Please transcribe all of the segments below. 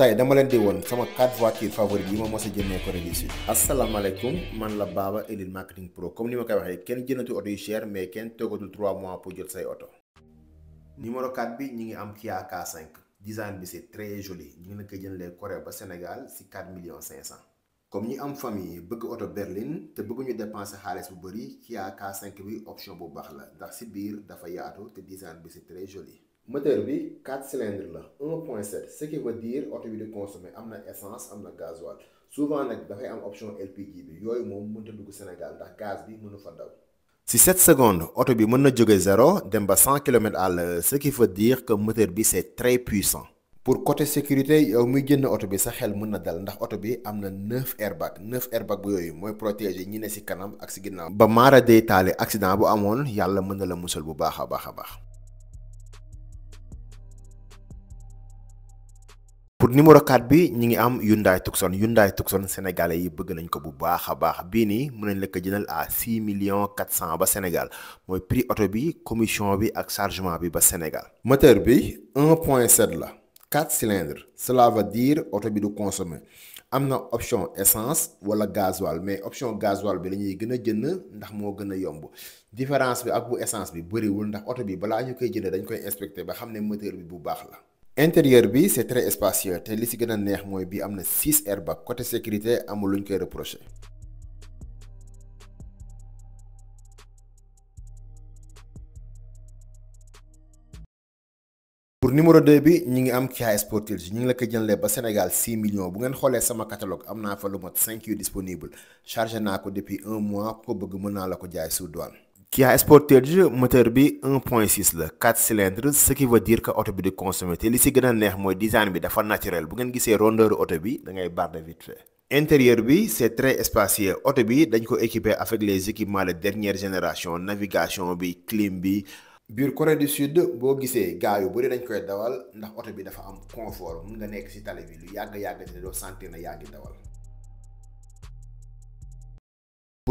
tey dama leen di woon sama quatre voitures favorites yi ma mos a jëndee Corée du Sud man la Baba Elite Marketing Pro comme ni ma koy waxee kenn jëndatu oto yu cher mais kenn toogatul 3 mois pour jot say oto numéro 4 bi ñu ngi am Kia K5 design bi c'est très joli ñu ngi la koy jëndee Corée ba Sénégal ci 4 millions 500 comme ñi am famille bëgg oto berline te bëgguñu dépenser xaalis bu bëri Kia K5 bi option bu baax la ndax ci biir dafa yaatu te bi c'est très moteur bi 4 cylindres la 1.7 ce qui veut dire oto bi di consommer am na essence am na gasoil souvent nag dafay am option LPG bi yooyu moom mënta dugg Sénégal ndax gaz bi mënu fa daw. si 7 secondes oto bi mën na jóge 0 dem ba 100 kilomètres à l'heure ce qui veut dire que moteur bi c'est très puissant. pour côté sécurité yow muy génn oto bi sa xel mën na dal ndax oto bi am na 9 airbag 9 airbag bu yooyu mooy protéger ñi ne si kanam ak si ginnaaw. ba maara day taale bu amoon yàlla mën na la musal bu baax a baax a baax. pour numéro 4 bi ñi ngi am Hyundai Tucson Hyundai Tucson sénégalais yi bëgg nañ ko bu baax a baax bii nii mën nañ la ko jëndal à 6 millions 400 ba Sénégal mooy prix oto bi commission bi ak chargement bi ba Sénégal. moteur bi 1.7 la 4 cylindres cela veut diir oto bi du consommer am na option essence wala gasoil mais option gasoil bi la ñuy gën a jënd ndax moo gën a yomb différence bi ak bu essence bi bëriwul ndax oto bi balaa ñu koy jënd dañ koy inspecté ba xam ne moteur bi bu baax la. intérieur bi c'est très spacieux te li ci gën a neex mooy bi am na 6 airbags côté sécurité amul luñ koy reproché. pour numéro 2 bi ñu ngi am Kia Sportage ñu ngi la ko jëndee ba Sénégal 6 millions bu ngeen xoolee sama catalogue am naa fa lu mot 5 disponible chargé naa ko depuis un mois ko bëgg mën naa la ko jaay sous douane. Kia Sportage moteur bi 1.6 la 4 cylindres ce qui veut dire que oto bi di consommer te li si gën a neex mooy design bi dafa naturel bu ngeen gisee rondeur oto bi da ngay barre vite fait intérieur bi c'est très spacieux oto bi dañ ko équipé avec les équipements de dernière génération navigation bi clim bi biir Corée du Sud boo gisee gaa yu bëri dañ koy dawal ndax oto bi dafa am confort mun nga nekk si tali bi lu yàgg-yàgg te doo sentir na yaa ngi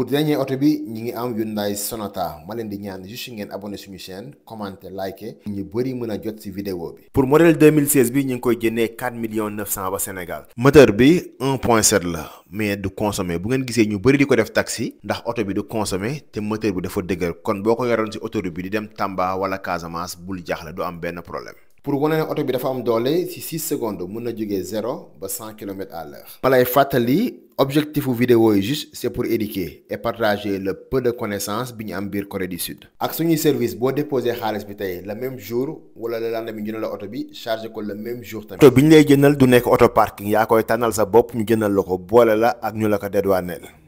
pour dernier oto bi ñi ngi am Hyundai Sonata ma leen di ñaan juste ngeen abonné suñu chaîne commenté liké ñu bëri mën a jot ci vidéo bi. pour modèle 2016 bi ñu ngi koy jëndee 4 millions 900 ba Sénégal. moteur bi 1.7 la mais du consommé bu ngeen gisee ñu bëri di ko def taxi ndax oto bi du consommé te moteur bi dafa dëgër kon boo ko yoroon ci autoroute bi di dem Tamba wala Casamance bul jaaxle du am benn problème. pour wane ne oto bi dafa am doole ci 6 secondes mun na jógee 0 ba 100 à l'heure ma lay fàttali objectif bu vidéo juste c'est pour éduquer et partager le peu de bi ñu am biir Corée du Sud ak suñuy service boo déposé xaalis bi tey la même jour wala le lendemain ñu ne la oto bi chargé ko le même jour tamit oto bi ñu lay jëndal du nekk oto parking yaa koy tànnal sa bopp ñu jëndal la ko boole la ak ñu la ko dédouaneel